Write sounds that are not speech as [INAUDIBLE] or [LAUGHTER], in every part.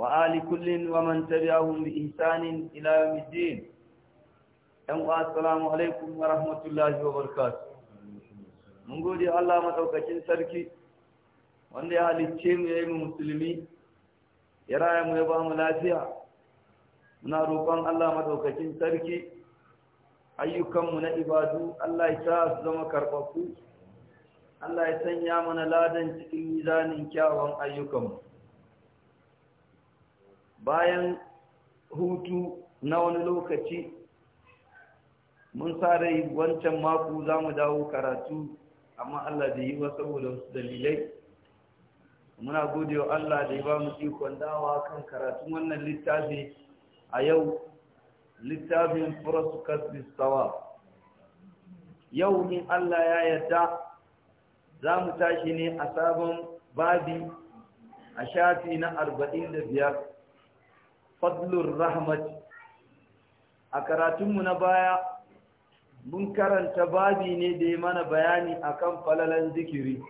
وآل كل ومن تبعهم بإحسان إلى يوم الدين alaikum عليكم rahmatullahi wa وبركاته mun gode Allah maɗaukakin sarki wanda ya halicce mu ya yi mu musulmi ya raya mu ya ba mu lafiya muna roƙon Allah madaukakin sarki ayyukanmu na ibadu Allah ya sa su zama karɓaku Allah ya sanya mana ladan cikin mizanin kyawun ayyukanmu bayan hutu na wani lokaci mun rai wancan mako za mu dawo karatu amma Allah da yi wasu saboda wasu dalilai muna gode wa Allah da ya ba mu ikon dawa kan karatun wannan littafi a yau littafin furasu yau in Allah ya yarda za mu tashi ne a sabon babi a shafi na arba'in da biyar fadlur rahmat a karatunmu na baya mun karanta babi ne da ya mana bayani akan falalan zikiri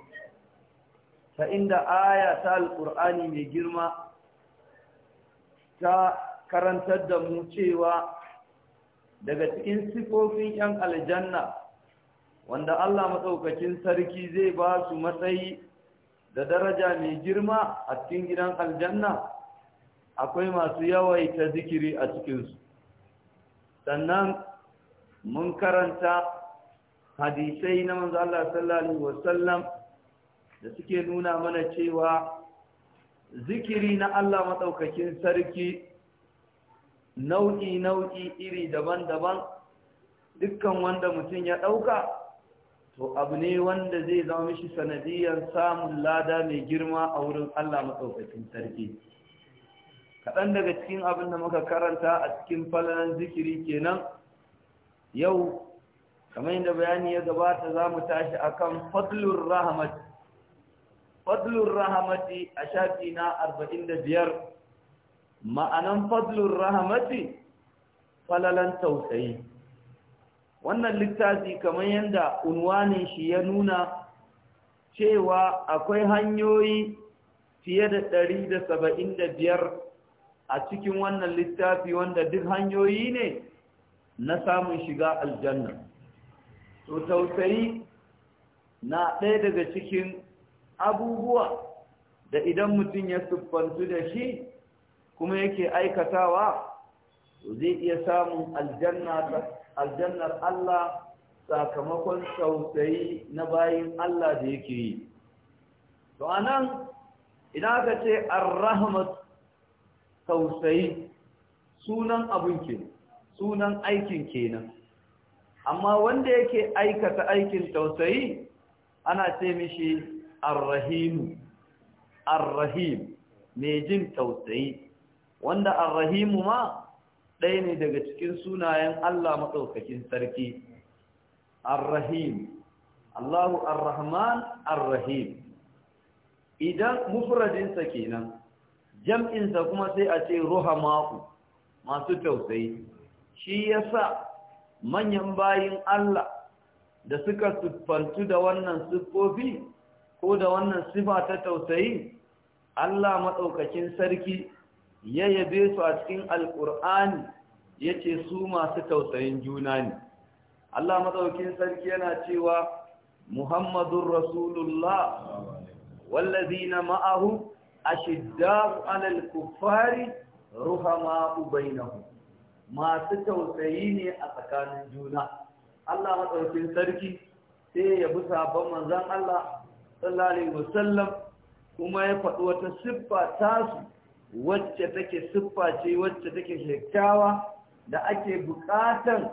ta inda aya ta alƙur'ani mai girma ta karantar da mu cewa daga cikin sifofin 'yan aljanna wanda Allah matsaukakin sarki zai ba su matsayi da daraja mai girma a cikin gidan aljanna akwai masu yawaita zikiri a cikinsu sannan mun karanta hadisai na manzo Allah sallallahu wasallam da suke nuna mana cewa zikiri na Allah madaukakin sarki nau'i nau'i iri daban-daban dukkan wanda mutum ya dauka to abu ne wanda zai zama mishi sanadiyar samun lada mai girma a wurin Allah madaukakin sarki kaɗan daga cikin abin da muka karanta a cikin falalan zikiri kenan yau kamar yadda bayani ya gabata za mu tashi akan fadlur rahamati fadlur rahamati a shafi na 45 ma'anan fadlur rahamati falalan tausayi wannan littafi kamar yadda unwanin shi ya nuna cewa akwai hanyoyi fiye da 175 a cikin wannan littafi wanda duk hanyoyi ne na samun shiga aljanna to tausayi na ɗaya daga cikin abubuwa da idan mutum ya siffantu da shi kuma yake aikatawa zai iya samun aljannar Allah sakamakon tausayi na bayin Allah da yake yi. To anan idan aka ce arrahmat tausayi sunan abun ke sunan aikin kenan amma wanda yake aikata aikin tausayi ana ce mishi arrahimu arrahim mai jin tausayi wanda arrahimu ma ɗaya ne daga cikin sunayen Allah matsaukakin sarki arrahim Allahu arrahman arrahim idan mufradinsa kenan jam'insa kuma sai a ce ma'u masu tausayi shi yasa manyan bayin Allah da suka siffantu da wannan siffofi ko da wannan sifa ta tausayi Allah maɗaukakin sarki ya yabe su a cikin alƙur'ani ya ce su masu tausayin juna ne Allah maɗaukakin sarki yana cewa muhammadun rasulullah wallazina ma'ahu ashiddaru alal kuffari ruhama'u bainahum masu tausayi ne a tsakanin juna Allah maɗaukin sarki sai ya bi sabon manzan Allah sallallahu alaihi wasallam kuma ya faɗi wata siffa tasu wacce take siffa ce wacce take shekawa da ake buƙatan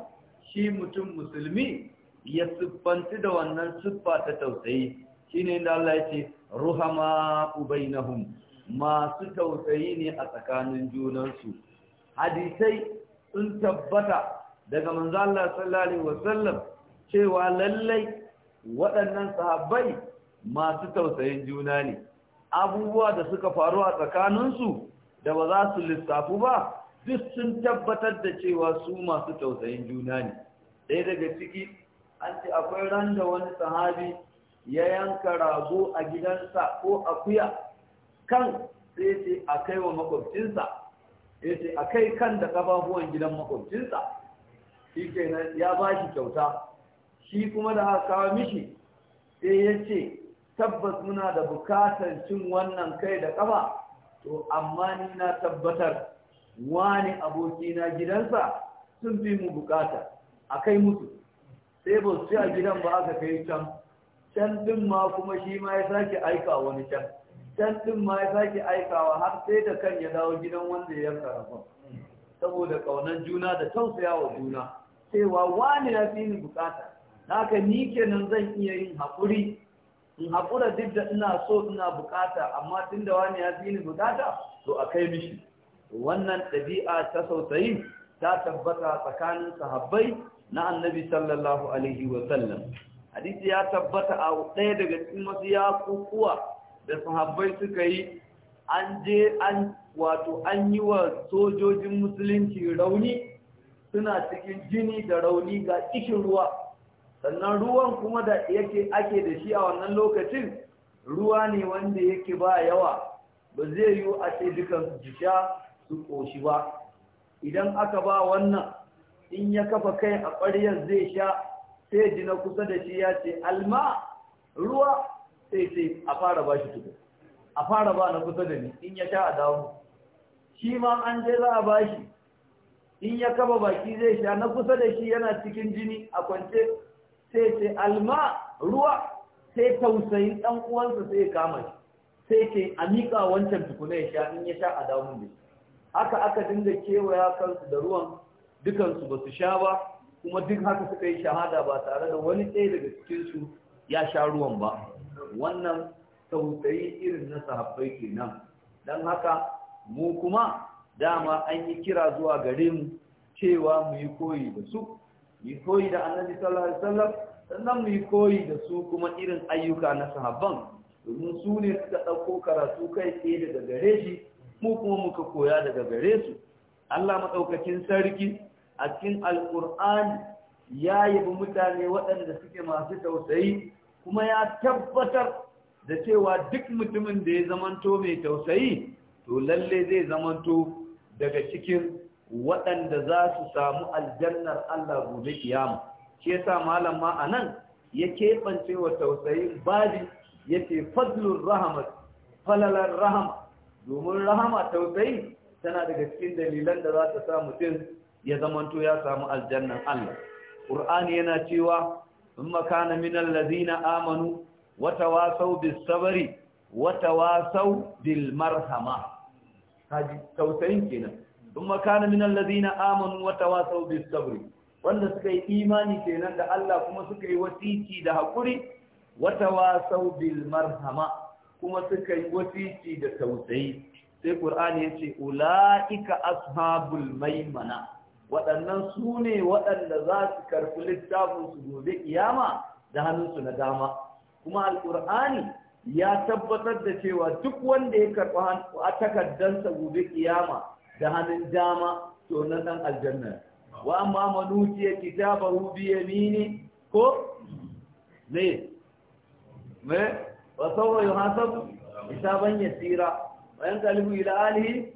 shi mutum musulmi ya siffanci da wannan siffa ta tausayi shine inda Allah ya ce ruhama ubainahum masu tausayi ne a tsakanin junansu hadisai sun tabbata daga manzo Allah sallallahu alaihi wasallam cewa lallai waɗannan sahabbai masu tausayin juna ne abubuwa da suka faru a tsakaninsu da ba za su lissafu ba duk sun tabbatar da cewa su masu tausayin juna ne ɗaya daga ciki an ce akwai ran da wani sahabi ya yanka rago a gidansa ko akuya kan sai ce a kai wa makwabcinsa ya ce a kai kan da ƙafafuwan gidan makwabcinsa shi kenan ya ba shi kyauta shi kuma da aka kawo mishi sai ya ce tabbas muna da bukatar cin wannan kai da ƙafa to amma ni na tabbatar wani abokina gidansa sun fi mu bukata a kai mutu sai ba su ci a gidan ba aka kai can can ɗin ma kuma shi ma ya sake aika wani can can din ma ya sake aikawa har sai da kan ya dawo gidan wanda ya yanka rafa saboda ƙaunar juna da tausaya wa juna cewa wani ya fi ni bukata haka ni kenan zan iya yin haƙuri in haƙura duk da ina so ina bukata amma tun da wani ya fi ni bukata to a kai mishi wannan ɗabi'a ta sautayi ta tabbata tsakanin sahabbai na annabi sallallahu alaihi wa sallam hadisi ya tabbata a ɗaya daga cikin ya yakukuwa da sahabbai suka yi an je an wato an yi wa sojojin musulunci rauni suna cikin jini da rauni ga cikin ruwa sannan ruwan kuma da yake ake da shi a wannan lokacin ruwa ne wanda yake ba yawa ba zai yi a ce dukan jisha su ƙoshi ba idan aka ba wannan in ya kafa kai a ƙwaryar zai sha sai ji na kusa da shi ya ce alma ruwa sai sai a fara ba shi tuku a fara ba na kusa da ni in ya sha a dawo shi ma an je za a ba shi in ya kaba baki zai sha na kusa da shi yana cikin jini a kwance sai ce alma ruwa sai tausayin dan uwansa sai kama shi sai ke a miƙa wancan tukuna ya sha in ya sha a dawo mun haka aka dinga kewaya kansu da ruwan dukansu ba su sha ba kuma duk haka suka yi shahada ba tare da wani ɗaya daga cikinsu ya sha ruwan ba wannan tausayi irin na sahabbai kenan don haka mu kuma dama an yi kira zuwa gare mu cewa mu yi koyi da su yi koyi da annabi sallallahu alaihi wasallam sannan mu yi koyi da su kuma irin ayyuka na sahabban domin su ne suka ɗauko karatu kai tsaye daga gare shi mu kuma muka koya daga gare su Allah maɗaukakin sarki a cikin alkur'ani ya yabi mutane waɗanda suke masu tausayi kuma ya tabbatar da cewa duk mutumin da ya zamanto mai tausayi to lalle zai zamanto daga cikin waɗanda za su samu aljannar Allah gobe kiyama Ke sa malam ma a nan ya keɓance wa tausayin ya ce fadlur rahama falalar rahama domin rahama tausayi tana daga cikin dalilan da za ta sa mutum ya zamanto ya samu aljannan Allah Qur'ani yana cewa thumma kana minan lazina amanu wa wasau bis sabri wa tawasaw bil marhama haji tausayin kenan thumma kana minan lazina amanu wa wasau bis sabri wanda suka yi imani kenan da Allah kuma suka yi wasiki da hakuri wa wasau bil marhama kuma suka yi wasiki da tausayi sai Qur'ani yace ulaika ashabul maimana waɗannan su ne waɗanda za su karfi littafin su gobe iyama da hannunsu na dama kuma alƙur'ani ya tabbatar da cewa duk wanda ya karɓi a takaddansa gobe iyama da hannun dama to na ɗan aljanna wa amma manuciya kitabahu ya mini ko ne me wa sawfa ban ya tsira. Bayan yanqalibu ila alihi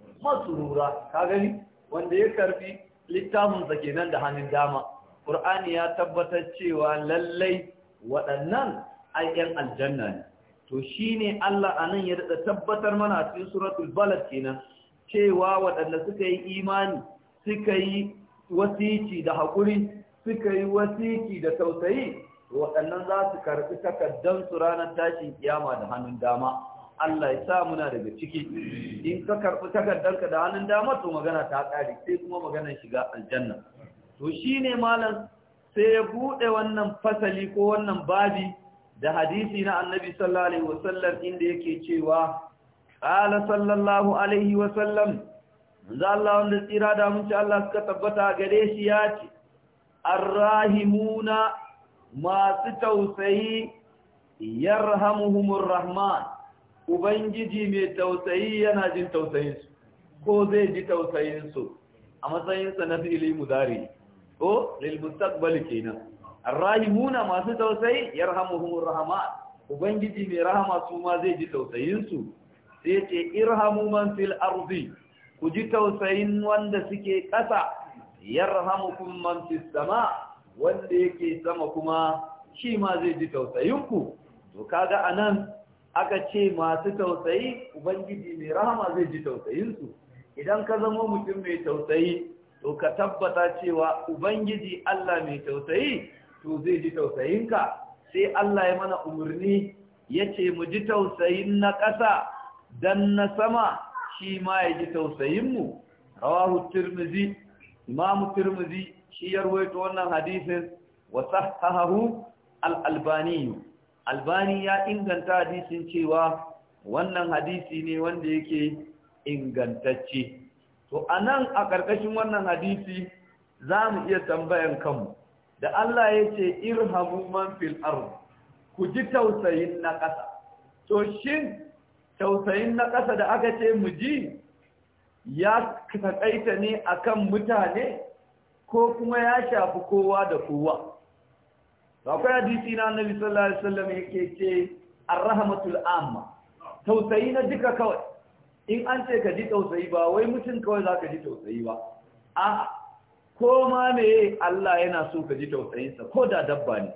rura. ka gani wanda ya karfi. littafinsa kenan da hannun dama ƙur'ani ya tabbatar cewa lallai waɗannan ayyan aljanna ne to shi ne Allah anan ya daɗa tabbatar mana cikin suratul balad kenan cewa waɗanda suka yi imani suka yi wasiki da haƙuri suka yi wasiki da tausayi waɗannan za su karɓi takaddan su ranar tashin kiyama da hannun dama Allah ya sa muna daga ciki in ka karɓi takardarka da hannun dama to magana ta ƙari sai kuma maganar shiga aljanna to shi ne malam sai ya buɗe wannan fasali ko wannan babi da hadisi na annabi sallallahu alaihi wasallam inda yake cewa qala sallallahu alaihi wasallam manzo Allah wanda tsira da mun ci Allah suka tabbata gare shi ya ce arrahimuna masu tausayi yarhamuhumur rahman ubangiji mai tausayi yana jin tausayinsu ko zai ji tausayinsu a matsayinsa na fili muzari ko lil mustaqbal kenan arrahimuna masu tausayi yarhamuhumur rahama, ubangiji mai rahama su ma zai ji tausayinsu sai ce irhamu man fil Arzi ku ji tausayin wanda suke ƙasa yarhamukum man fis sama wanda yake sama kuma shi ma zai ji tausayinku to kaga anan aka ce masu tausayi ubangiji mai rahama zai ji tausayinsu idan ka zama mutum mai tausayi to ka tabbata cewa ubangiji Allah mai tausayi to zai ji tausayinka sai Allah ya mana umarni ya ce mu ji tausayin na ƙasa dan na sama shi ma ya ji tausayinmu rawahu turmizi imamu turmizi shi ya ruwaito wannan hadisin wa sahahu al-albaniyu albani ya inganta hadisin cewa wannan hadisi ne wanda yake ingantacce to anan a ƙarƙashin wannan hadisi za mu iya tambayan kanmu da Allah ya ce irhamu man fil ard ku ji tausayin na ƙasa to shin tausayin na ƙasa da aka ce mu ji ya takaita ne akan mutane ko kuma ya shafi kowa da kowa akwai hadisi na annabi sallallahu alaihi wasallam yake ce arhamatul amma tausayi na duka kawai in an ce ka ji tausayi ba wai mutum kawai zaka ji tausayi ba a ko ma me Allah yana so ka ji tausayinsa ko da dabba ne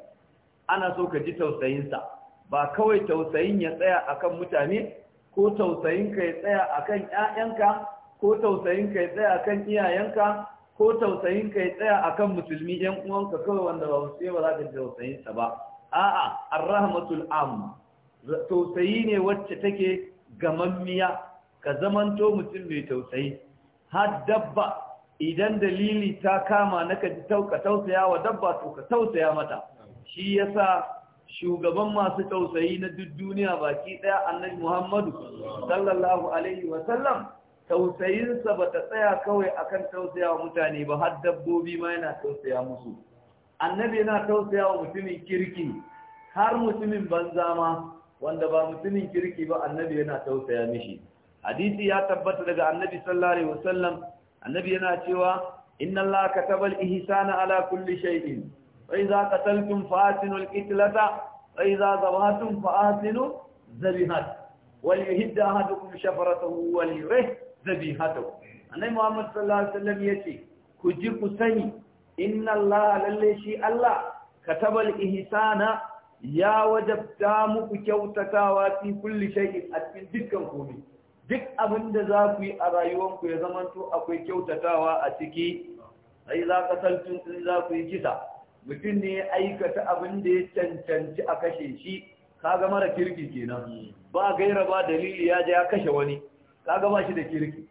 ana so ka ji tausayinsa ba kawai tausayin ya tsaya akan mutane ko tausayin ka ya tsaya akan ƴaƴanka ko tausayin ka ya tsaya akan iyayenka ko tausayin ka ya tsaya a kan musulmi yan uwanka kawai wanda ba yi ba za ka tausayin sa ba a'a arrahmatul am tausayi ne wacce take gamammiya ka zamanto mutum mai tausayi har dabba idan dalili ta kama na ka ji tausaya wa dabba to ka tausaya mata shi yasa shugaban masu tausayi na duk duniya baki daya annabi Muhammadu sallallahu alaihi wa tausayinsa ba ta tsaya kawai akan tausaya wa mutane ba har dabbobi ma yana tausaya musu annabi yana tausaya wa mutumin kirki har mutumin banza ma wanda ba mutumin kirki ba annabi yana tausaya mishi hadisi ya tabbata daga annabi sallallahu alaihi wasallam annabi yana cewa inna allaha katabal ihsana ala kulli shay'in wa idza qataltum fa'atinul qitlata wa idza zabhatum fa'atinu zabihat wal yuhidda ahadukum shafaratahu wal yurih zabihatahu annabi Muhammad sallallahu alaihi wasallam yace ku ji ku sani inna Allah lalle shi Allah katabal ihsana ya wajabta muku kyautatawa fi kulli shay'in a cikin dukkan komai duk abin da za ku yi a rayuwarku ya zamanto akwai kyautatawa a ciki sai za ka saltun in za ku yi kisa mutum ne ya aikata abin da ya cancanci a kashe shi kaga mara kirki kenan ba gaira ba dalili ya je ya kashe wani kaga ba shi da kirki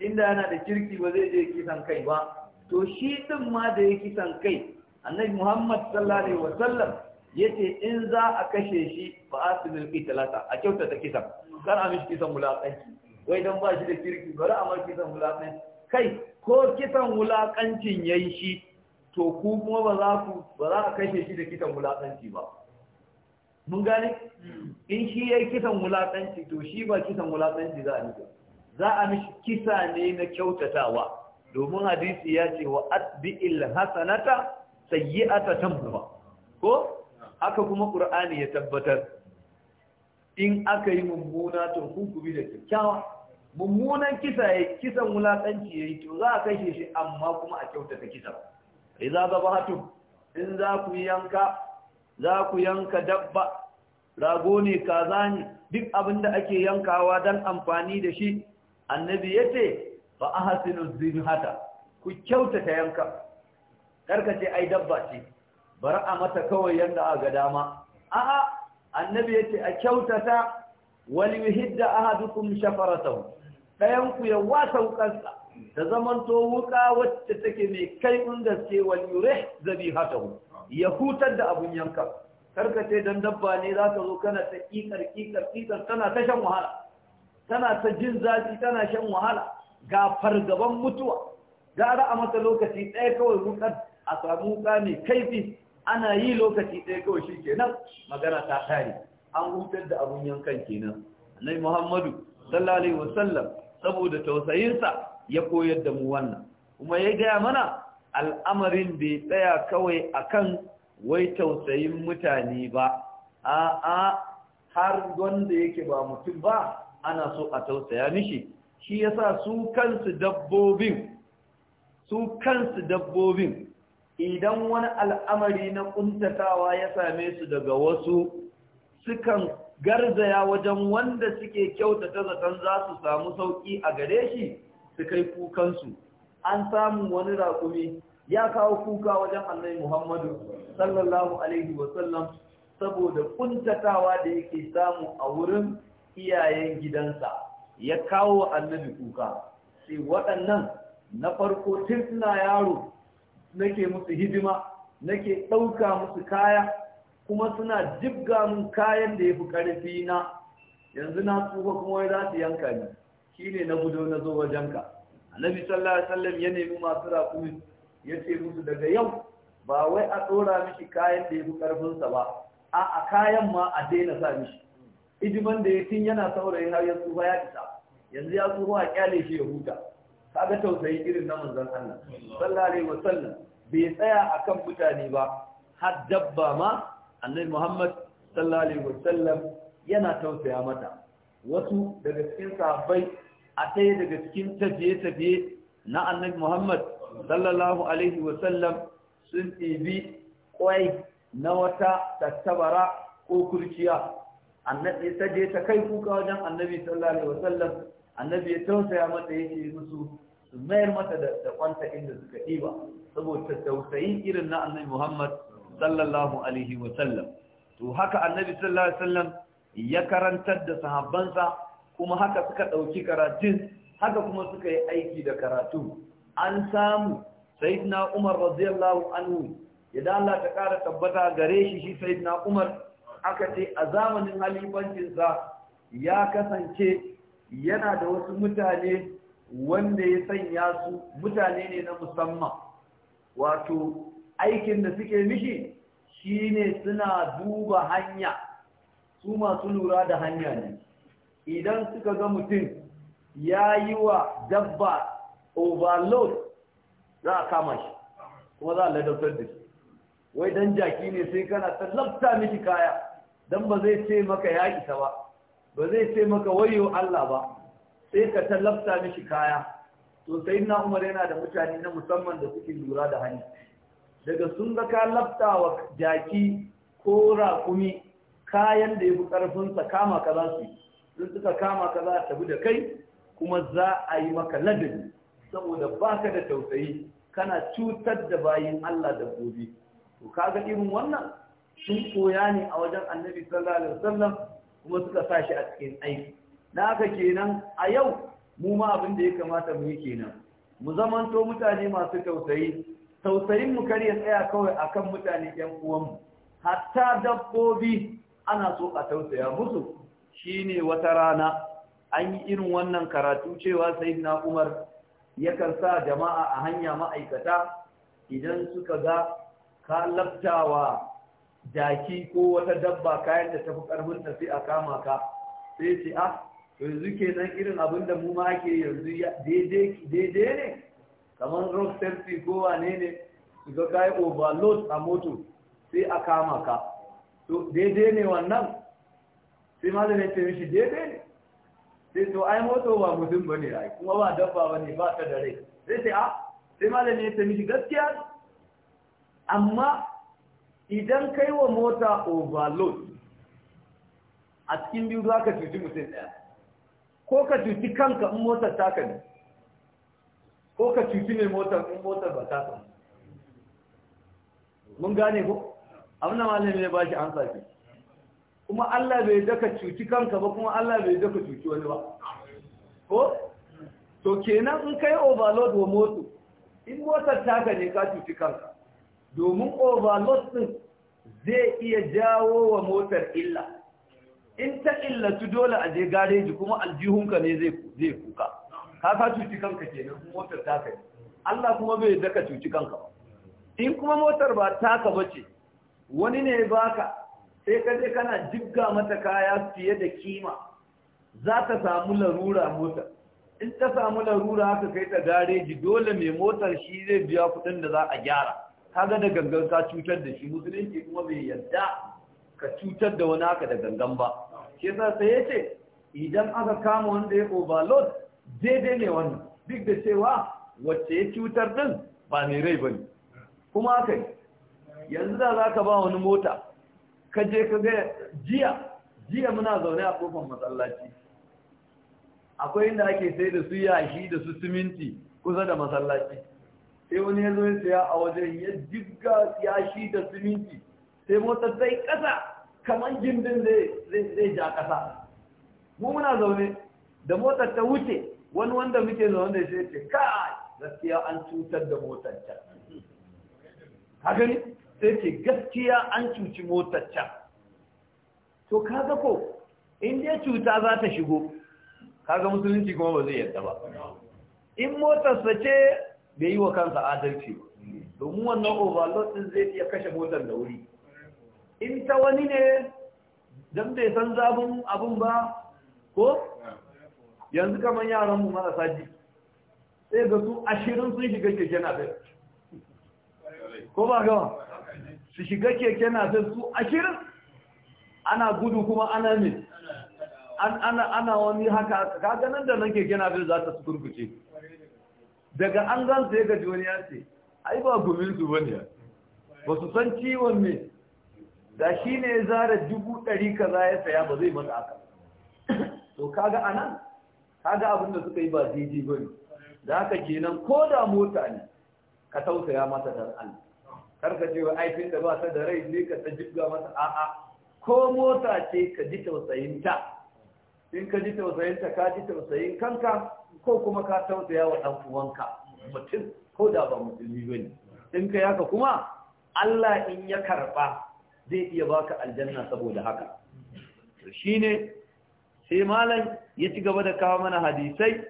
inda yana da kirki ba zai je kisan kai ba to shi din ma da ya kisan kai annabi muhammad sallallahu alaihi wasallam yace in za a kashe shi fa asbil talata a kyauta ta kisan kar a mishi kisan wulakanci wai dan ba shi da kirki bari a mar kisan wulakanci kai ko kisan wulakancin yayi shi to ku kuma ba za ku ba za a kashe shi da kisan wulakanci ba mun gane in shi yayi kisan wulakanci to shi ba kisan wulakanci za a yi za a mishi kisa ne na kyautatawa domin hadisi ya ce wa atbi'il hasanata sayyi'ata tamhuha ko haka kuma qur'ani ya tabbatar in aka yi mummuna to hukumi da kyakkyawa mummunan kisa ya kisan mulakanci yayi to za a kashe shi amma kuma a kyautata kisa idza zabahatu in za ku yanka za ku yanka dabba rago ne kaza ne duk abinda ake yankawa dan amfani da shi annabi ya ce ba a hasinu zinhata ku kyautata yanka karka ce ai dabba ce bari a mata kawai yadda a ga dama a'a annabi ya ce a kyautata wani yuhidda ahadukum shafaratahu ɗayan ku ya wasa wukansa da to wuka wacce take mai kai inda gaske wal yurih zabihatahu ya hutar da abun yanka karka ce dan dabba ne za ka zo kana ta kikar kikar kikar tana ta shan wahala tana ta jin zafi tana shan wahala ga fargaban mutuwa gara a mata lokaci ɗaya kawai wukar a samu wuka mai kaifi ana yi lokaci ɗaya kawai shi kenan magana ta tare an hutar da abun yankan kenan nai muhammadu sallallahu alaihi wasallam saboda tausayinsa ya koyar da mu wannan kuma ya gaya mana al'amarin da ya tsaya kawai akan wai tausayin mutane ba a'a har wanda yake ba mutum ba ana so a tausaya mishi shi yasa su kansu dabbobin su kansu dabbobin idan wani al'amari na kuntatawa ya same su daga wasu sukan garzaya wajen wanda suke kyautata zaton za su samu sauƙi a gare shi su kai kukansu an samu wani raƙumi ya kawo kuka wajen annai muhammadu sallallahu alaihi wasallam saboda kuntatawa da yake samu a wurin iyayen gidansa ya kawo annabi kuka sai waɗannan na farko tun suna yaro nake musu hidima nake ɗauka musu kaya kuma suna jibga mun kayan da ya fi ƙarfi na yanzu na tsufa kuma wai za su yanka ni ne na gudu na zo wajenka annabi sallallahu alaihi wasallam ya nemi masu raƙumi ya ce musu daga yau ba wai a ɗora mishi kayan da ya fi ƙarfinsa ba a kayan ma a daina sa mishi hidiman da ya tun yana saurayi har yanzu tsufa ya isa yanzu ya tsufa a kyale shi ya huta ga tausayi irin na manzon Allah sallallahu alaihi wasallam bai tsaya akan mutane ba har dabba ma annabi Muhammad sallallahu alaihi wasallam yana tausaya mata wasu daga cikin sahabbai a tsaye daga cikin tafiye-tafiye na annabi Muhammad sallallahu alaihi wasallam sun ɗebi ƙwai na wata tattabara ko kurciya annabi ta je ta kai kuka wajen annabi sallallahu alaihi wasallam annabi ya tausaya mata yake musu su mayar mata da kwanta inda suka ɗiba saboda tausayi irin na annabi Muhammad sallallahu alaihi wasallam to haka annabi sallallahu alaihi wasallam ya karantar da sahabbansa kuma haka suka ɗauki karatun haka kuma suka yi aiki da karatu an samu sayyidina Umar radiyallahu anhu idan Allah ta ƙara tabbata gare shi shi sayyidina Umar aka ce a zamanin halifancinsa ya kasance yana da wasu mutane wanda ya sanya su mutane ne na musamman wato aikin da suke mishi shine suna duba hanya su masu lura da hanya ne idan suka ga mutum ya yi wa dabba overload za a kama shi kuma za a ladautar da shi wai dan jaki ne sai kana ta labta miki kaya don ba zai ce maka ya isa ba ba zai ce maka wayo Allah ba sai ka tallafta mishi kaya to sai na umar yana da mutane na musamman da suke lura da hannu. daga sun ga ka lafta wa jaki ko raƙumi kayan da ya fi ƙarfinsa kama ka za su sun suka kama ka za a tafi da kai kuma za a yi maka ladabi saboda baka da tausayi kana cutar da bayin Allah da gobe to kaga irin wannan sun koya ne a wajen annabi sallallahu alaihi wasallam kuma suka sa shi a cikin aiki na haka kenan a yau mu ma abin da ya kamata mu yi kenan mu zamanto mutane masu tausayi tausayin mu kar tsaya kawai akan mutane yan uwanmu hatta dabbobi ana so a tausaya musu shine wata rana an yi irin wannan karatu cewa sayyidina Umar yakan sa jama'a a hanya ma'aikata idan suka ga kalabtawa. jaki ko wata dabba kayan da tafi karfin ta sai a kama ka sai ce a ah, yanzu ke nan irin abin da mu ma ke yanzu daidai ne kamar rock safety ko wane ne ga kayi overload a moto sai a kama ka to daidai ne wannan sai malam ya ce mishi daidai ne sai to ai moto ba mutum ba ne ai kuma ba dabba ba ne ba ta da rai sai sai a ah, sai malam ya ce mishi gaskiya amma idan kai wa mota overload a cikin biyu za ka cuci mutum ɗaya ko ka cuci kanka in motar taka ne ko ka cuci mai motar in motar ba ta samu mun gane ko abin da ne ya bashi an sake kuma Allah bai daka cuci kanka ba kuma Allah bai daka cuci wani ba ko to kenan in kai overload wa moto in motar taka ne ka cuci kanka domin overload din zai iya jawo wa motar illa in ta illatu dole a je gareji kuma aljihunka ne zai kuka ka ka cuci kanka kenan motar ta kai Allah kuma bai daka cuci kanka ba in kuma motar ba taka bace wani ne baka sai ka je kana jigga mata kaya fiye da kima za ta samu larura motar in ta samu larura haka kai ta gareji dole mai motar shi zai biya kuɗin da za a gyara kaga da gangan ka cutar da shi musulunci kuma bai yadda ka cutar da wani haka da gangan ba shi yasa sai ya ce idan aka kama wanda ya overload daidai ne wannan duk da cewa wacce ya cutar din ba mai rai ba ne. kuma haka yanzu da za ka ba wani mota ka je ka ga jiya jiya muna zaune a kofar masallaci akwai inda ake sai da su yashi da su siminti kusa da masallaci sai wani ya zo ya saya a wajen ya jibga yashi da siminti sai motar zai kasa kamar gindin zai ja kasa mu muna zaune da motar ta wuce wani wanda muke zaune da shi ce kai gaskiya an cutar da motar can haka ne sai ce gaskiya an cuci motar can to kaga ko in dai cuta za ta shigo kaga musulunci kuma ba zai yadda ba in motarsa ce bai yi wa kansa adalci ba domin wannan overload din zai iya kashe motar da wuri in ta wani ne don bai san zabin abin ba ko yanzu kamar yaran mu marasa ji sai ga su ashirin sun shiga keke nafis ko ba gawa su shiga keke nafis su ashirin ana gudu kuma ana ne ana wani haka kaganan da nan keke nafis za ta su kurkuce daga an gan ya ga wani ya ce ai ba gumin su bane ba su san ciwon ne." da shi ne ya zara dubu ɗari kaza ya saya ba zai mata aka to kaga anan kaga abin da suka yi ba daidai ba ne da haka kenan ko da mota ne ka tausaya mata da an karka ce wa aifin da ba ta da rai ne ka ta jibga mata a'a ko mota ce ka ji tausayinta in ka ji tausayinta ka ji tausayin kanka ko kuma ka tausaya wa ɗan uwanka mutum ko da ba musulmi ba ne in ka yaka kuma Allah in ya karɓa zai iya baka aljanna saboda haka to shine sai malam ya ci gaba da kawo mana hadisai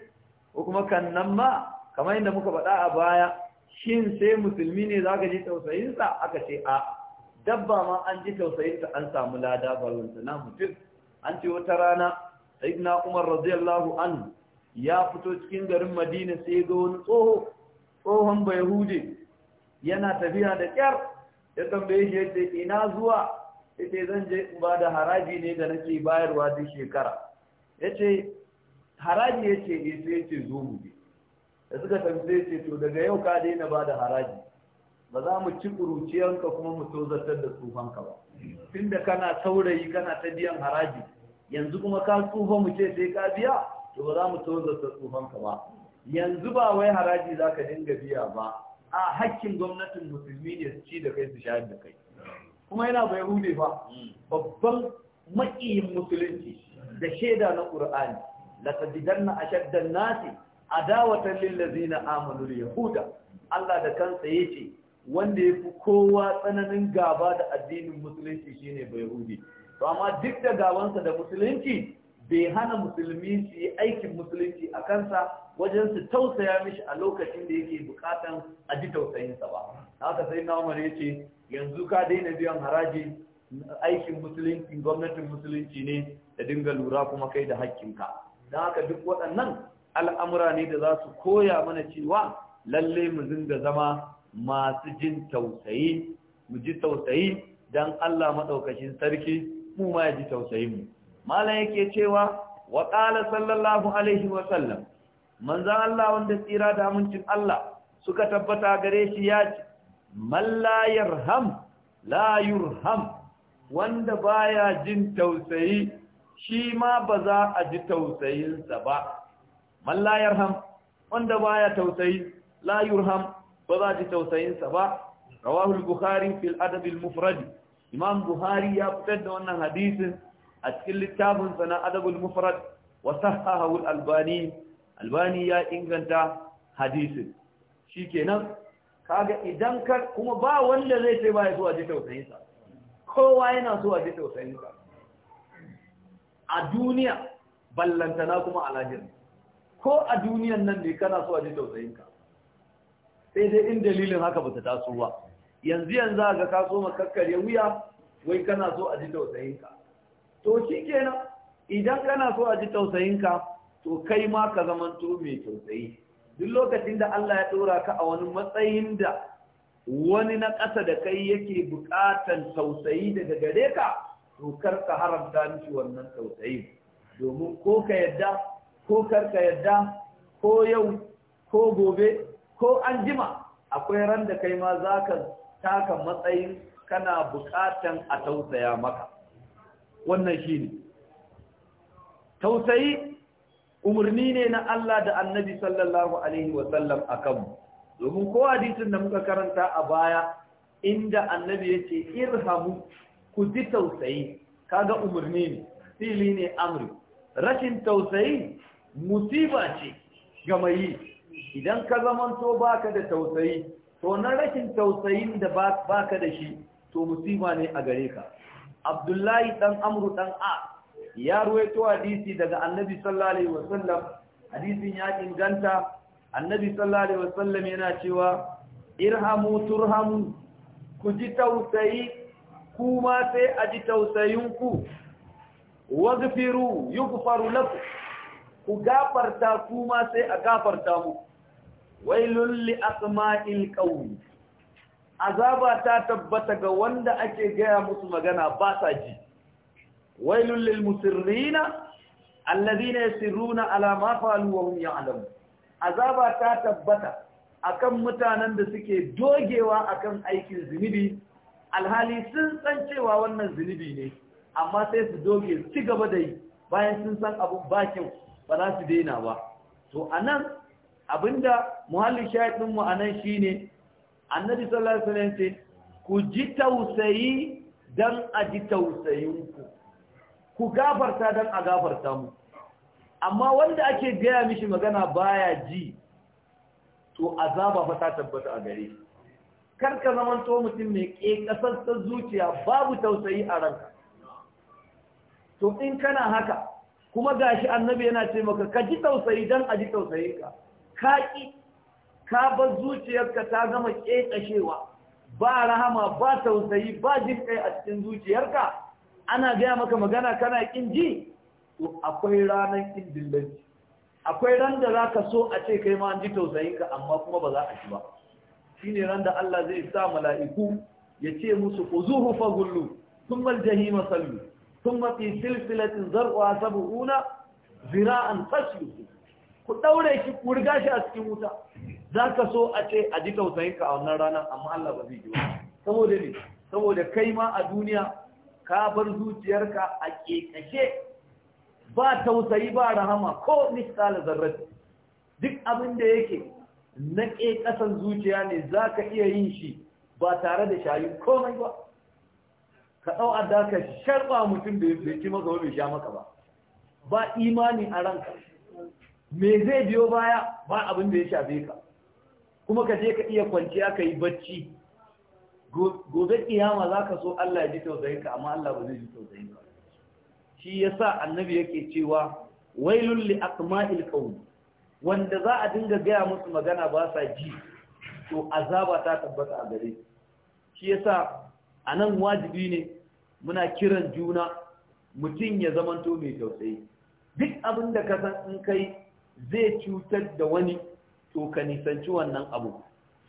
ko kuma kannan ma kamar yadda muka faɗa a baya shin sai musulmi ne za ka ji tausayinsa aka ce a dabba ma an ji tausayinta an samu lada balwanta na mutum an ce wata rana sayyidina Umar radiyallahu anhu ya fito cikin garin madina sai ga wani tsoho tsohon bai yana tafiya da kyar ya tambaye shi yadda ina zuwa ce zan je ba da haraji ne da nake bayarwa duk shekara ya ce haraji ya ce isa eh, ya ce zo mu da suka tambaye ce to daga yau ka daina ba da haraji ba za mu ci ƙuruciyanka kuma mu tozartar da tsufanka ba tunda kana saurayi kana ta biyan haraji yanzu kuma ka tsufa mu ce sai ka biya to ba za mu tozarta tsufanka ba yanzu ba wai haraji za ka dinga biya ba a hakkin gwamnatin musulmi ne su ci da kai su shayar da kai kuma yana bai hude ba hmm. babban makiyin musulunci da shaida na ƙur'ani laqadidanna ashaddan nasi adawatan lil ladzina amanu yahuda Allah da kansa ce, wanda yafi kowa tsananin gaba da addinin musulunci shine bai hude to amma duk da gawansa da musulunci bai hana musulmi su yi aikin musulunci a kansa wajen su tausaya mishi a lokacin da yake bukatan a ji tausayinsa ba haka sai na umar ya ce yanzu ka daina biyan haraji aikin musulunci gwamnatin musulunci ne da dinga lura kuma kai da hakkinka don haka duk waɗannan al'amura ne da za su koya mana cewa lalle mu dinga zama masu jin tausayi mu ji tausayi don Allah maɗaukacin sarki mu ma ya ji tausayin mu malam yake cewa wa qala sallallahu alaihi wa sallam manzan Allah wanda tsira da amincin Allah suka tabbata gare shi ya ce man la yarham la yurham wanda baya jin tausayi shi ma ba za a ji tausayinsa ba man la yarham wanda baya tausayi la yurham ba za a ji tausayinsa ba rawahul bukhari fil adab al mufrad imam buhari ya fitar da wannan hadisin a cikin littafin na adabul mufrad wa sahahahu al-albani albani ya inganta hadisin shikenan kaga idan ka kuma ba wanda zai ce ba ya so a ji tausayin sa kowa yana so a ji tausayin sa a duniya ballantana kuma a lahira ko a duniyan nan ne kana so a ji tausayin ka sai dai in dalilin haka bata taso ba yanzu yanzu ga ka so makakkar ya wuya wai kana so a ji tausayin ka to shi kenan idan kana so a ji tausayinka to kai ma ka zamanto mai tausayi duk lokacin da Allah ya ɗora ka a wani matsayin da wani na ƙasa da kai yake buƙatan tausayi daga gare ka to kar ka haramta mishi wannan tausayi domin ko ka yadda ko kar ka yadda ko yau ko gobe ko an jima akwai ran da kai ma za ka taka matsayin kana buƙatan a tausaya maka wannan shi ne. tausayi umarni ne na Allah da annabi sallallahu alaihi wasallam a kanmu domin ko hadisin da muka karanta a baya inda annabi ya ce irhamu ku ji tausayi kaga umarni ne fili ne amri rashin tausayi musiba ce ga mai yi idan ka zamanto baka da tausayi to na rashin tausayin da baka da shi to musiba ne a gare ka abdullahi dan amru dan a ya ruwaito hadisi daga annabi sallallahu alaihi wasallam hadisin ya inganta annabi sallallahu alaihi wasallam yana cewa irhamu turhamu ku ji tausayi kuma sai a ji tausayinku wagfiru yughfaru lakum ku gafarta kuma sai a gafarta mu wailul li asma'il qawmi azaba ta tabbata ga wanda ake gaya musu magana ba sa ji wailul lil musirrina alladhina yasirruna ala ma fa'alu wa hum ya'lam azaba ta tabbata akan mutanen da suke dogewa akan aikin zunubi alhali sun san cewa wannan zunubi ne amma sai su doge ci gaba da yi bayan sun san abu bakin ba za su daina ba to anan abinda muhallin shahidin mu anan shine annabi sallallahu alaihi wasallam ce ku ji tausayi dan a ji tausayin ku Ku gafarta dan a gafarta mu amma wanda ake gaya mishi magana baya ji to azaba fa ta tabbata a gare shi kar ka to mutum mai ke zuciya babu tausayi a ranka to in kana haka kuma gashi annabi yana ce ka ji tausayi dan a ji tausayinka ka ki ka bar zuciyarka ta gama ƙeƙashewa ba rahama ba tausayi ba jin kai a cikin zuciyarka ana gaya maka magana kana kin ji to akwai ranar kin dillanci akwai ran da zaka so a ce kai ma an ji tausayinka amma kuma ba za a ji ba shine ran da Allah zai sa mala'iku ya ce musu khuzuhu faghullu thumma al-jahima sallu thumma fi silsilatin zar'a sabu'una zira'an faslu ku ɗaure shi ku riga shi a cikin wuta za ka so a ce a ji tausayinka a wannan rana amma Allah ba zai jiwa saboda ne saboda kai ma a duniya ka bar zuciyarka a kekashe ba tausayi ba rahama ko misal zarrati duk abin da yake na kekasan zuciya ne za ka iya yin shi ba tare da shayi komai ba ka ɗau adda ka sharɓa mutum da ya ci maka bai sha maka ba ba imani a ranka me zai biyo baya ba abin da ya shafe ka kuma ka je ka iya kwanciya ka yi bacci gobe kiyama za ka so Allah ya ji tausayin ka amma Allah ba zai ji tausayin ka shi yasa annabi yake cewa wailul li aqma'il qawm wanda za a dinga gaya musu magana ba sa ji to azaba ta tabbata a gare shi yasa anan wajibi ne muna kiran juna mutum ya zamanto mai tausayi duk abin da ka san in kai zai cutar da wani to ka nisanci wannan abu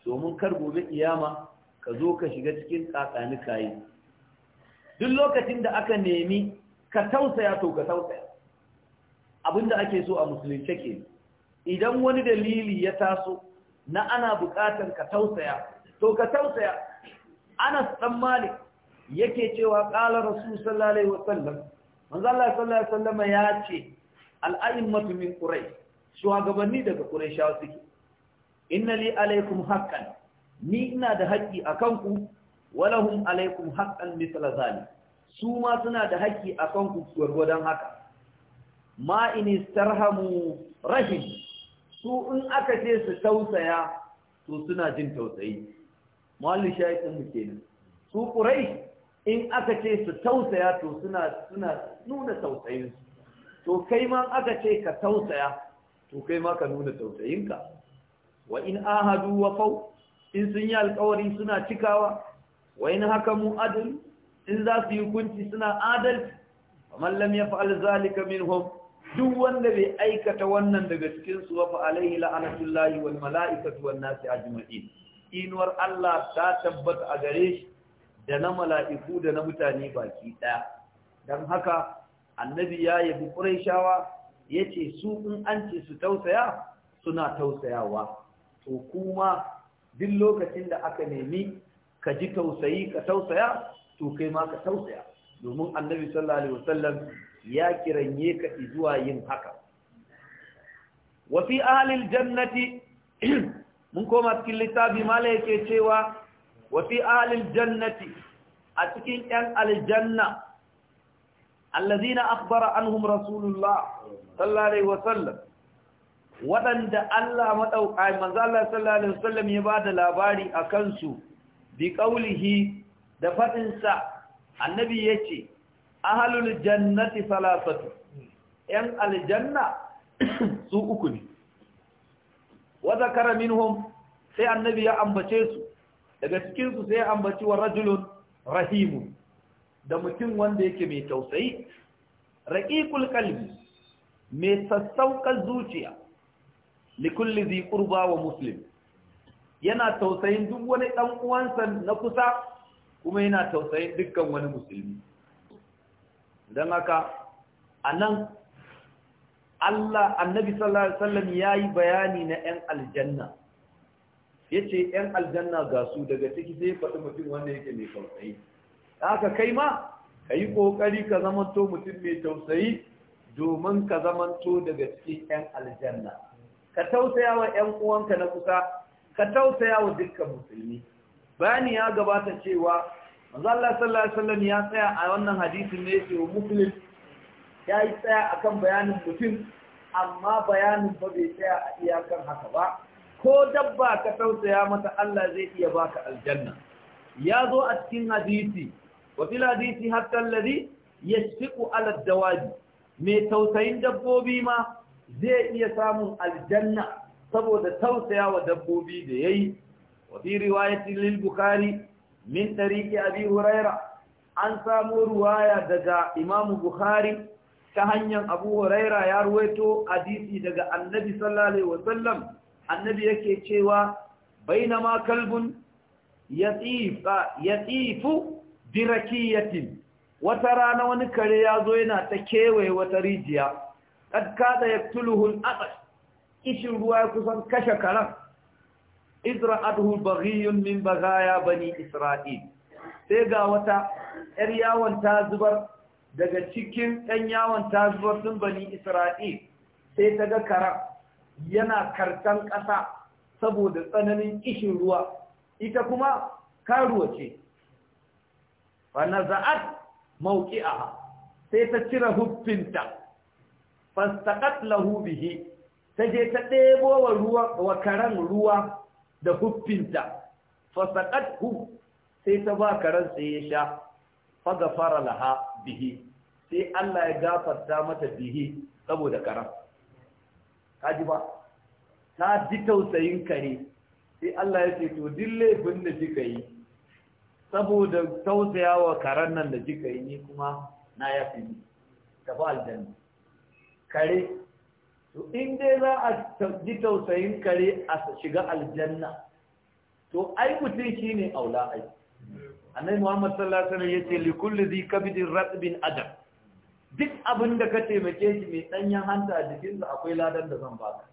domin kar gobe kiyama ka zo ka shiga cikin tsatsani kayi duk lokacin da aka nemi ka tausaya to ka tausaya abinda ake so a musulunci ke idan wani dalili ya taso na ana bukatar ka tausaya to ka tausaya Anas dan Malik yake cewa qala rasul sallallahu alaihi wasallam manzo Allah sallallahu alaihi wasallam ya ce al-a'immatu min quraish shugabanni daga quraishawa suke inna li alaikum haqqan ni ina da haƙƙi akan ku walahum alaikum haqqan mithla zalik su ma suna da haƙƙi akan ku gurgudan haka ma in istarhamu rahim su in aka ce su tausaya to suna jin tausayi mallin shayin mu kenan su kurai in aka ce su tausaya to suna suna nuna tausayinsu to kai ma aka ce ka tausaya to kai ma ka nuna tausayinka wa in ahadu wa fau in sun yi alkawari suna cikawa wa in haka mu adal in za su yi hukunci suna adalci wa lam yaf'al zalika minhum duk wanda bai aikata wannan daga cikin su wa fa alaihi la'anatullahi wal mala'ikatu wan nasi ajma'in inuwar Allah ta tabbata a gare shi da na mala'iku da na mutane baki ɗaya. Don haka, annabi ya yabi ƙuraishawa ya ce su in an ce su tausaya suna tausayawa, to kuma duk lokacin da aka nemi ka ji tausayi ka tausaya to kai ma ka tausaya domin annabi sallallahu alaihi wasallam ya kiranye ka zuwa yin haka wa fi jannati [CLEARS THROAT] mun koma cikin littafi mala yake cewa wa fi jannati a cikin yan aljanna allazina akhbara anhum rasulullah sallallahu alaihi wasallam waɗanda Allah maɗauka manzo Allah sallallahu alaihi wasallam ya bada labari a kansu bi qaulihi da fadin sa annabi yace ahlul jannati salasatu yan aljanna [CLEARS THROAT] su uku ne wa zakara minhum sai annabi ya ambace su daga cikinsu sai ya ambaci wa rajulun Rahimu. da mutum wanda yake mai tausayi raqiqul qalbi mai sassauƙar zuciya likulli zi qurba wa muslim yana tausayin duk wani dan uwansa na kusa kuma yana tausayin dukkan wani musulmi dan haka anan Allah annabi sallallahu alaihi wasallam yayi bayani na ɗan aljanna yace ɗan aljanna ga su daga ciki sai faɗi mutum wanda yake mai tausayi haka kai ma kai kokari ka zamanto mutum mai tausayi domin ka zamanto daga cikin ɗan aljanna ka tausaya wa ‘yan uwanka na kusa ka tausaya wa dukkan musulmi bayani ya gabata cewa manzo Allah sallallahu alaihi ya tsaya a wannan hadisin ne ce wa musulmi ya yi tsaya akan bayanin mutum amma bayanin ba bai tsaya a iyakan haka ba ko dabba ka tausaya mata Allah zai iya baka aljanna ya zo a cikin hadisi wa fil hadisi hatta alladhi yashfiqu ala dawabi mai tausayin dabbobi ma zai iya samun aljanna saboda tausaya wa dabbobi da yayi wa fi riwayatin lil bukhari min tariqi abi huraira an samu ruwaya daga imamu bukhari ta hanyar abu huraira ya ruwaito hadisi daga annabi sallallahu alaihi wasallam annabi yake cewa bainama kalbun yatifa yatifu birakiyatin wata rana wani kare ya zo yana ta kewaye wata rijiya kad kada yaktuluhu al-atash kishin ruwa ya kusan kashe karan izra'atuhu baghiyun min baghaya bani isra'il sai ga wata yar yawon ta zubar daga cikin 'yan yawon ta zubar sun bani isra'il sai ta ga karan yana kartan ƙasa saboda tsananin kishin ruwa ita kuma karuwa ce fa naza'at mawqi'aha sai ta cire huffinta fastaqat lahu bihi ta je ta ɗebo wa ruwa wa karan ruwa da huffinta fastaqat hu sai ta ba karan sai ya sha faghfara laha bihi sai Allah ya gafarta mata bihi saboda karan kaji ba ta ji tausayin kare sai Allah ya ce to dille laifin da kika yi saboda tausayawa karen nan da kika yi ni kuma na yafi ni tafi aljanna kare to in dai za a ji tausayin kare a shiga aljanna to ai mutum shine aula ai annabi Muhammad sallallahu alaihi wasallam yace li kulli dhi kabidin ratbin adam duk abin da ka taimake shi mai danyen hanta a jikinsa akwai ladan da zan baka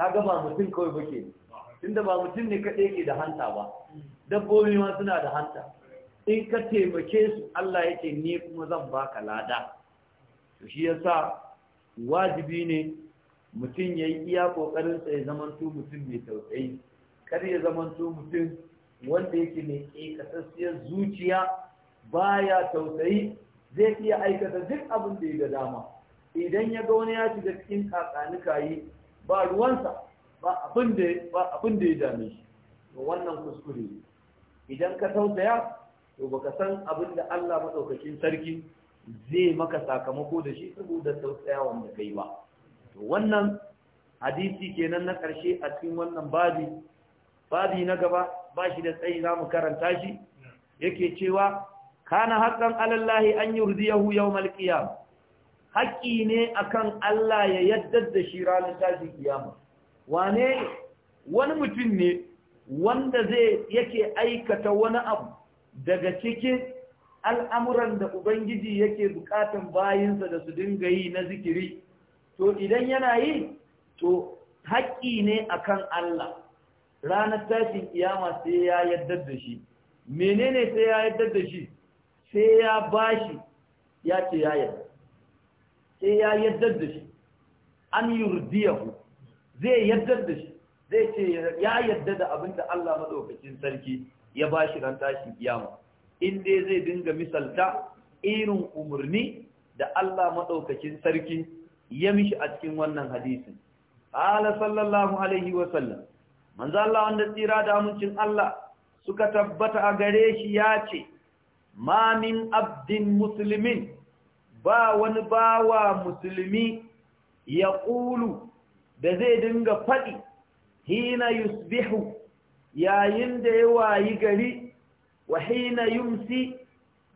kaga ba mutum kawai ke. tunda ba mutum ne kaɗai ke da hanta ba dabbobi ma suna da hanta in ka taimake su Allah yake ni kuma zan baka lada to shi yasa wajibi ne mutum ya yi iya ƙoƙarinsa ya zamanto mutum mai tausayi kar ya zamanto mutum wanda yake mai ƙeƙasassiyar zuciya baya tausayi zai iya aikata duk abin da ya ga dama idan ya ga wani ya shiga cikin kakanuka yi ba ruwansa ba abin da ya dame shi wannan kuskure idan ka tausaya to baka san abin da Allah maɗaukakin sarki zai maka sakamako da shi saboda tausayawan da kai ba to wannan hadisi kenan na ƙarshe a cikin wannan babi babi na gaba ba shi da tsayi za mu karanta shi yake cewa kana haƙƙan alallahi an yi Yahu, yau malkiya haƙƙi ne akan Allah ya yadda da shi ranar tashin kiyama wane wani mutum ne wanda zai yake aikata wani abu daga cikin al'amuran da Ubangiji yake bukatan bayinsa da su dinga yi na zikiri, to idan yana yi, to haƙƙi ne a kan Allah, ranar tashin kiyama sai ya yaddar da shi, menene sai ya yaddar da shi, sai ya ba shi. ya ce ya yadda, sai ya yaddar da shi, an yurdiyahu zai yaddar da shi, zai ce ya yadda da abin Allah matsaukacin sarki ya ba shi ran tashin kiyama. in dai zai dinga misalta irin umarni da Allah maɗaukakin sarki ya mishi a cikin wannan hadisin. Ala sallallahu Alaihi wasallam, manzo Allah wanda tsira da amincin Allah suka tabbata a gare shi ya ce, Ma min abdin musulmin ba wani bawa musulmi ya ƙulu da zai dinga faɗi hina yusbihu yayin da ya wayi gari wa hina yumsi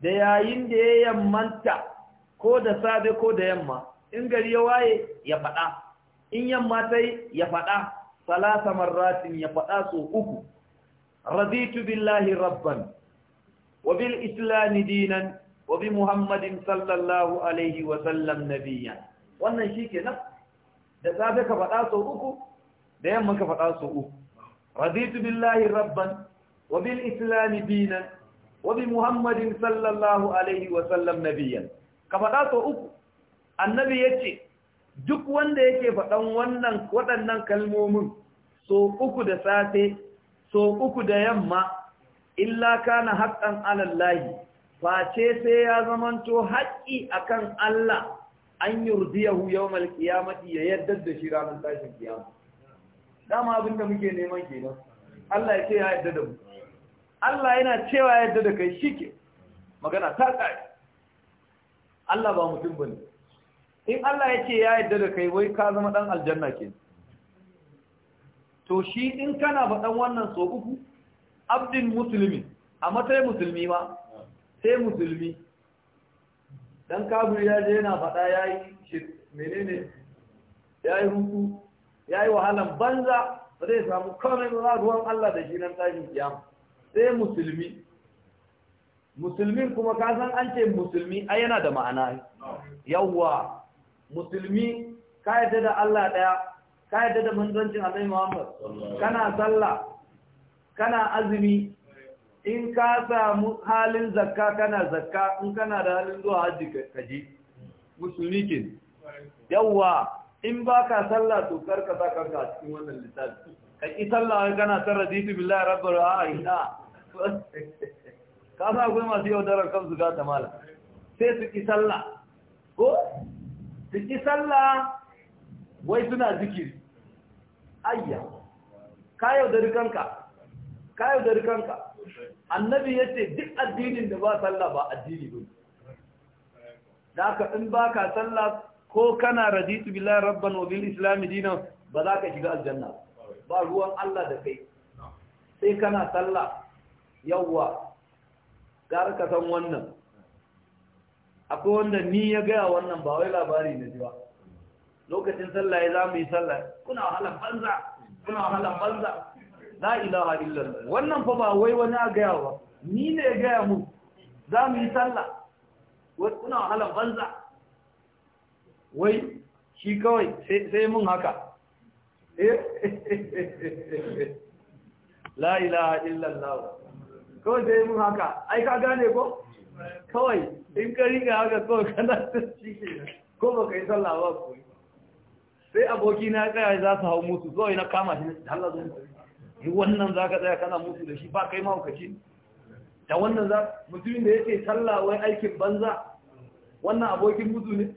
da yayin da ya yammanta ko da safe ko da yamma in gari ya waye ya faɗa in yamma ta yi ya faɗa salasa marratin ya faɗa so uku raditu billahi rabban wa bil islami dinan wa bi muhammadin sallallahu alaihi wa sallam nabiyyan wannan na? da safe ka faɗa so uku da yamma ka faɗa so uku raditu billahi rabban وبالإسلام دينا وبمحمد صلى الله عليه وسلم نبيا كما قال أكو النبي يتي duk wanda yake faɗan wannan waɗannan kalmomin so uku da safe so uku da yamma illa kana haqqan alallahi face sai ya zamanto haƙƙi akan Allah an yurdiyahu yawmal qiyamati ya yarda da shi ranar tashin kiyama dama abinda muke neman kenan Allah ya ce ya yarda da mu Allah yana cewa yadda da kai shike magana ta kai Allah ba mutum bane in Allah ya ce ya yadda da kai wai ka zama dan aljanna ke to shi in kana ba dan wannan so uku abdin musulmi a sai musulmi ma sai musulmi dan kabir ya je yana faɗa yayi menene yayi huku yayi wahalan banza ba zai samu komai ba ruwan Allah da shi nan tashin kiyama sai musulmi musulmin kuma ka san an ce musulmi a yana da ma'ana yawwa musulmi ka da Allah daya ka da manzancin Annabi Muhammad kana sallah kana azumi in ka samu halin zakka kana zakka in kana da halin zuwa haji ka ji musulmi ke yawwa in baka salla to karka za kanka a cikin wannan lissafi a ƙi sallah kana ta raditu billahi rabbar a ina ka sa kuma masu yaudarar kansu ga ta mala sai su ƙi sallah ko su ƙi sallah wai suna zikiri ayya ka yaudari kanka ka yaudari kanka annabi ya ce duk addinin da ba sallah ba addini ba da aka in ba ka sallah ko kana raditu billahi rabban wa bil islami dinan ba za ka shiga aljanna ba ba ruwan Allah da kai sai kana sallah yawwa Gar ka san wannan akwai wanda ni ya gaya wannan ba wai labari na ji ba lokacin sallah ya zamu yi sallah kuna wahalar banza kuna wahalar banza la ilaha illallah wannan fa ba wai wani a gaya ba ni ne ya gaya mu zamu yi sallah wai kuna wahalar banza wai shi kawai sai mun haka la ilaha illallah kawai sai mun haka ai ka gane ko kawai in ka riga haka kawai kana ta nan, ko ba yi sallah ba ko sai aboki na tsaya za su hau mutu, kawai na kama shi Allah zai yi wannan za ka tsaya kana mutu da shi ba kai mahaukaci da wannan za mutumin da yake sallah wai aikin banza wannan abokin mutu ne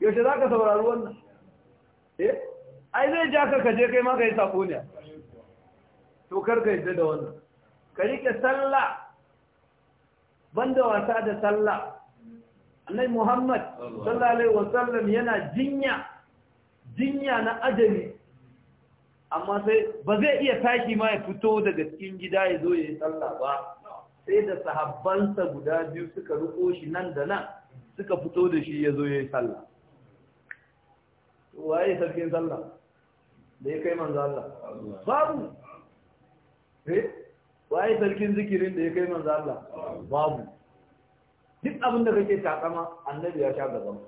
yaushe za ka saurari wannan eh ai zai ja ka kaje kai ma ka yi sako ne to kar ka yadda da wannan ka rike sallah banda wasa da sallah annai muhammad sallallahu alaihi wasallam yana jinya jinya na ajali amma sai ba zai iya tashi ma ya fito daga cikin gida ya zo ya yi sallah ba sai da sahabbansa guda biyu suka riko shi nan da nan suka fito da shi ya zo ya yi sallah waye sarkin sallah da ya kai manzo Allah babu eh waye sarkin zikirin da ya kai manzo Allah babu duk abin da kake takama annabi ya sha gaban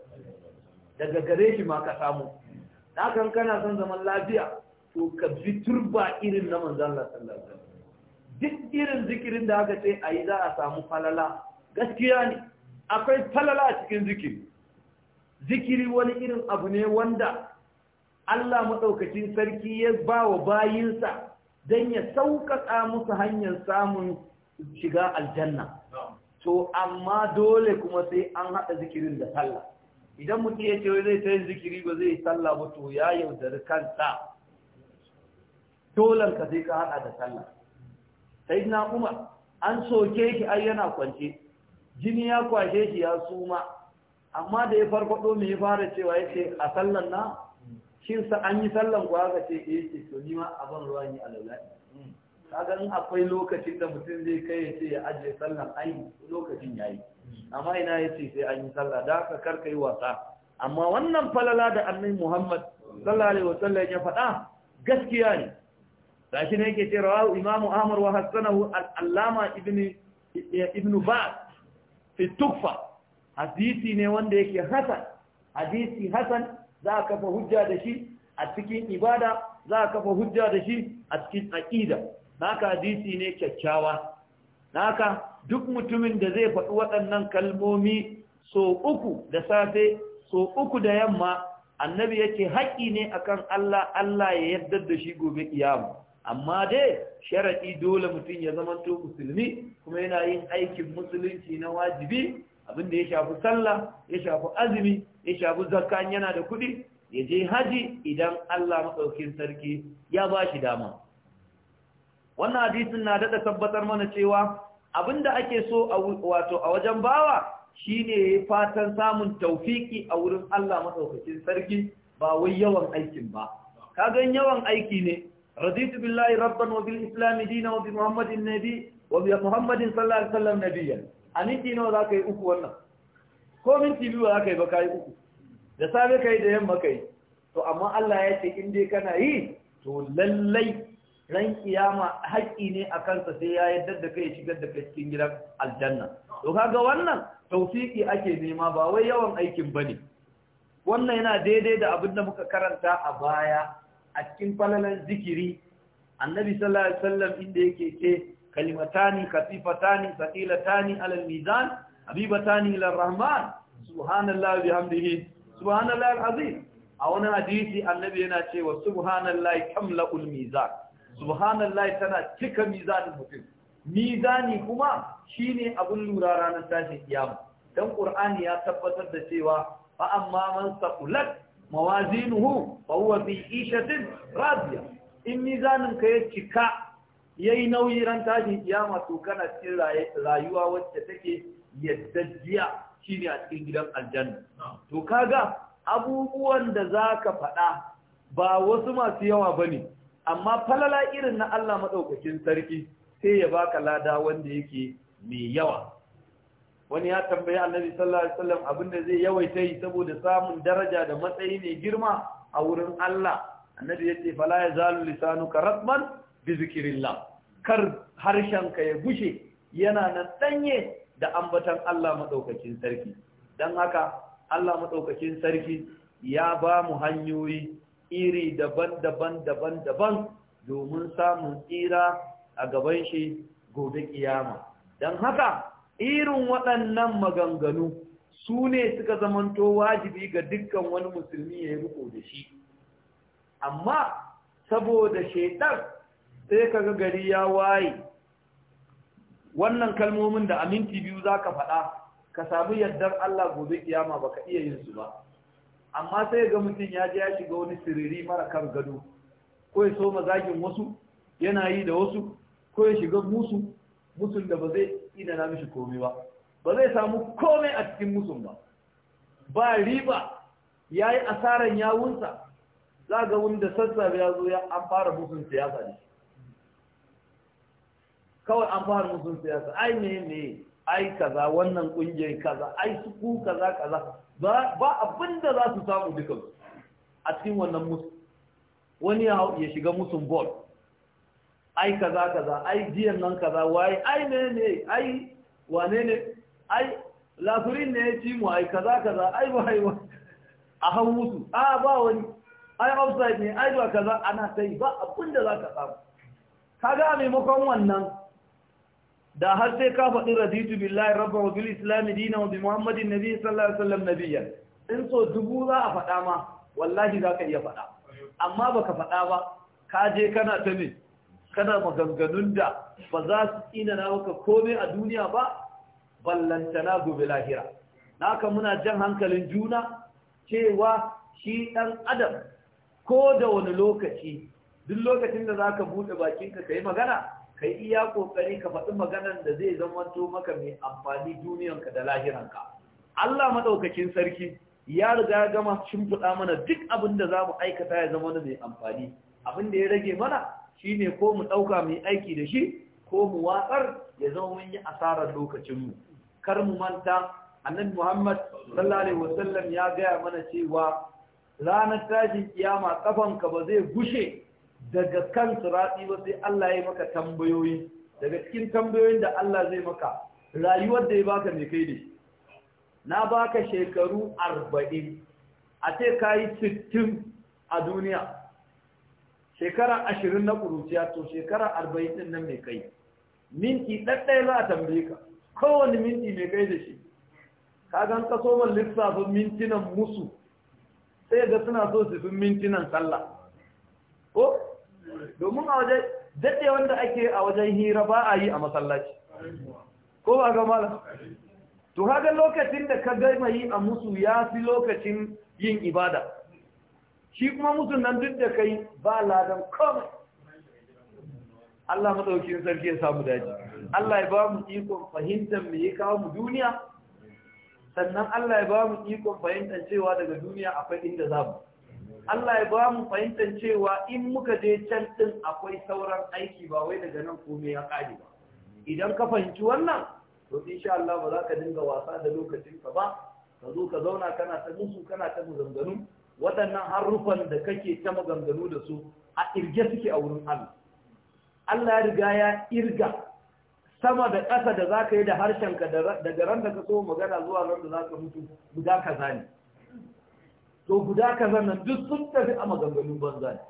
daga gare shi ma ka samu da kan kana son zaman lafiya to ka bi turba irin na manzo Allah sallallahu alaihi wasallam duk irin zikirin da aka ce ayi za a samu falala gaskiya ne akwai falala a cikin zikiri zikiri wani irin abu ne wanda Allah maɗaukacin sarki ya ba wa bayinsa don ya sauƙaƙa musu hanyar samun shiga aljanna. To, amma dole kuma sai an haɗa zikirin da sallah. Idan mutum ya ce zai ta zikiri ba zai sallah ba to ya yaudari kansa. Dolan ka sai ka haɗa da sallah. Sai na Umar, an soke shi ai yana kwance, jini ya kwashe shi ya suma, amma da ya farfaɗo mai fara cewa ya ce a sallan na shin sa an yi sallan ku haka ce eh ce to ni ma abin ruwa ne alaula kaga in akwai lokacin da mutum zai kai ya ce ya ajiye sallan ai lokacin yayi amma ina ya ce sai an yi sallah da haka kar kai wasa amma wannan falala da annabi Muhammad sallallahu alaihi wasallam ya faɗa gaskiya ne gashi ne yake cewa imamu Ahmad wa hasanahu al-Allama ibn ibnu ba'd fi Tuhfa hadisi ne wanda yake hasan hadisi hasan za a kafa hujja da shi a cikin ibada za a kafa hujja da shi a cikin aƙida naka hadisi ne kyakkyawa naka duk mutumin da zai faɗi waɗannan kalmomi so uku da safe so uku da yamma annabi yake haƙƙi ne akan Allah Allah ya yarda da shi gobe kiyama amma dai sharadi dole mutum ya zama to musulmi kuma yana yin aikin musulunci na wajibi abin da ya shafi sallah ya shafi azumi ya shafi zakka yana da kuɗi ya je haji idan Allah maɗaukin sarki ya ba shi dama wannan hadisin na daɗa tabbatar mana cewa abin da ake so wato a wajen bawa shine fatan samun taufiki a wurin Allah maɗaukakin sarki ba wai yawan aikin ba Ka gan yawan aiki ne raditu billahi rabban wa bil islam dinan wa bi muhammadin nabi wa bi muhammadin sallallahu alaihi wasallam nabiyyan a minti nawa za ka yi uku wannan ko minti biyu za ka yi ba ka yi uku da safe ka yi da yamma ka yi to amma Allah ya ce in dai kana yi to lallai ran kiyama haƙƙi ne a kansa sai ya yadda da kai shigar da kai cikin gidan aljanna to kaga wannan tawfiki ake nema ba wai yawan aikin bane wannan yana daidai da abin da muka karanta a baya a cikin falalan zikiri annabi sallallahu alaihi wasallam inda yake ce kalimatani kasifatani saqilatani ala al-mizan habibatani ila rahman subhanallahi bihamdihi subhanallahi al-azim a wani hadisi annabi yana cewa subhanallahi tamla'ul mizan subhanallahi tana cika mizanin mutum mizani kuma shine abun lura ranar tashin kiyama dan qur'ani ya tabbatar da cewa fa amma man saqulat mawazinuhu fa huwa fi ishatin radiya in mizanin ka ya cika yayi nauyi ran tashin kiyama to kana cikin rayuwa wacce take shi shine a cikin gidan aljanna to kaga abubuwan da zaka faɗa ba wasu masu yawa bane amma falala irin na Allah madaukakin sarki sai ya baka lada wanda yake mai yawa wani ya tambayi annabi sallallahu alaihi wasallam abinda zai yawaita yi saboda samun daraja da matsayi mai girma a wurin Allah annabi yace fala yazalu lisanuka ratban bi zikirillah kar harshenka ya gushe yana nan danye da ambatan Allah madaukakin sarki dan haka Allah madaukakin sarki ya ba mu hanyoyi iri daban-daban daban-daban domin samun tsira a gaban shi gobe kiyama dan haka irin waɗannan maganganu su ne suka zamanto wajibi ga dukkan wani musulmi ya yi riko da shi amma saboda shaitar sai ka ga gari ya waye wannan kalmomin da aminti biyu za ka faɗa ka sami yardar Allah gobe kiyama ka iya yin su ba amma sai ga mutum ya je ya shiga wani siriri mara kan gado ko ya so mazagin wasu yana yi da wasu ko ya shiga musu musun da ba zai ina na mishi komai ba ba zai samu komai a cikin musun ba ba riba ya yi asaran yawunsa za ga wanda sassabe ya zo ya an fara musun siyasa ne kawai an fara musu siyasa ai ne ne ai kaza wannan kungiyar kaza ai su ku kaza kaza ba abinda za su samu dukan a cikin wannan musu wani ya shiga musun bol ai kaza kaza ai jiyan nan kaza Wai ai ne ne ai wane ne ai lafirin ne ya ci mu ai kaza kaza ai waye wa a han musu a ba wani ai outside ne ai ba kaza ana sai ba abinda za ka samu kaga maimakon wannan da har sai ka faɗi raditu billahi rabba wa bil islami dina wa bi muhammadin nabi sallallahu alaihi wasallam nabiyya in so dubu za a faɗa ma wallahi za ka iya faɗa amma baka faɗa ba ka je kana ta me kana maganganun da ba za su ina na maka komai a duniya ba ballantana gobe lahira naka muna jan hankalin juna cewa shi ɗan adam ko da wani lokaci duk lokacin da za ka buɗe bakinka ka yi magana ka iya kokari ka faɗi maganar da zai zamanto maka mai amfani duniyanka da lahiranka Allah maɗaukakin sarki ya riga ya gama shimfiɗa mana duk abin da za mu aikata ya zama mai amfani abin da ya rage mana shine ko mu ɗauka mai aiki da shi ko mu watsar ya zama mun yi asarar lokacinmu kar mu manta annabi Muhammad sallallahu alaihi wasallam ya gaya mana cewa ranar tashin kiyama kafanka ba zai gushe daga kan sirati ba sai Allah ya maka tambayoyi daga cikin tambayoyin da Allah zai maka rayuwar da ya baka mai kai da shi na baka shekaru arba'in a ce ka yi sittin a duniya shekara ashirin na ƙuruciya to shekara arba'in ɗin nan mai kai minti ɗaɗɗaya za a tambaye ka kowane minti mai kai da shi ka gan kaso man lissafin mintinan musu sai ga suna so su fi mintinan sallah ko domin a waje, daɗe wanda ake a wajen hira ba a yi a masallaci ko ba ga mala to haka lokacin da ka gama yi a musu ya fi lokacin yin ibada shi kuma musu nan duk da kai ba ladan komai Allah matsaukin sarki ya samu daji Allah ya ba mu ikon fahimtar mai ya kawo mu duniya sannan Allah ya ba mu ikon fahimtar cewa daga duniya akwai inda za mu Allah ya ba mu fahimtar cewa in muka je can ɗin akwai sauran aiki ba wai daga nan kome ya ƙari ba idan ka fahimci wannan to insha Allah ba za ka dinga wasa da lokacinka ba ka zo ka zauna kana ta musu kana ta maganganu waɗannan harufan da kake ta maganganu da su a irge suke a wurin Allah Allah ya riga ya irga sama da ƙasa da za ka yi da harshenka daga ran da ka so magana zuwa ran da za ka mutu guda kaza ne to guda kazan nan duk sun tafi a maganganun banza ne.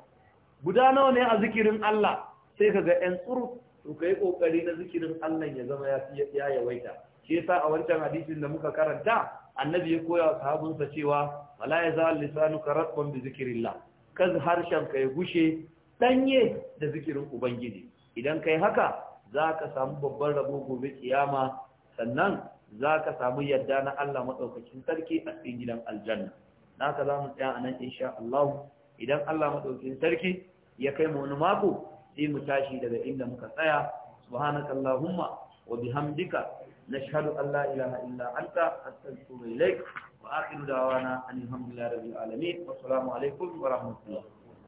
guda nawa ne a zikirin Allah sai ka ga ‘yan tsuru to ka yi ƙoƙari na zikirin Allah ya zama ya ya yawaita shi yasa a wancan hadisin da muka karanta annabi ya koya wa sahabinsa cewa wala ya za lisanu ka rabban bi zikirillah kan harshen ka ya gushe danye da zikirin ubangiji idan kai haka za ka samu babban rabo gobe kiyama sannan za ka samu yarda na Allah maɗaukakin sarki a cikin gidan aljanna na ka za mu tsaya a nan insha Allah idan Allah maɗaukin sarki ya kai mu wani mako sai mu tashi daga inda muka tsaya subhanaka allahumma wa bihamdika nashhadu an la ilaha illa anta astaghfiruka wa ilaik wa akhiru da'wana alhamdulillahi rabbil alamin wa assalamu alaikum wa rahmatullah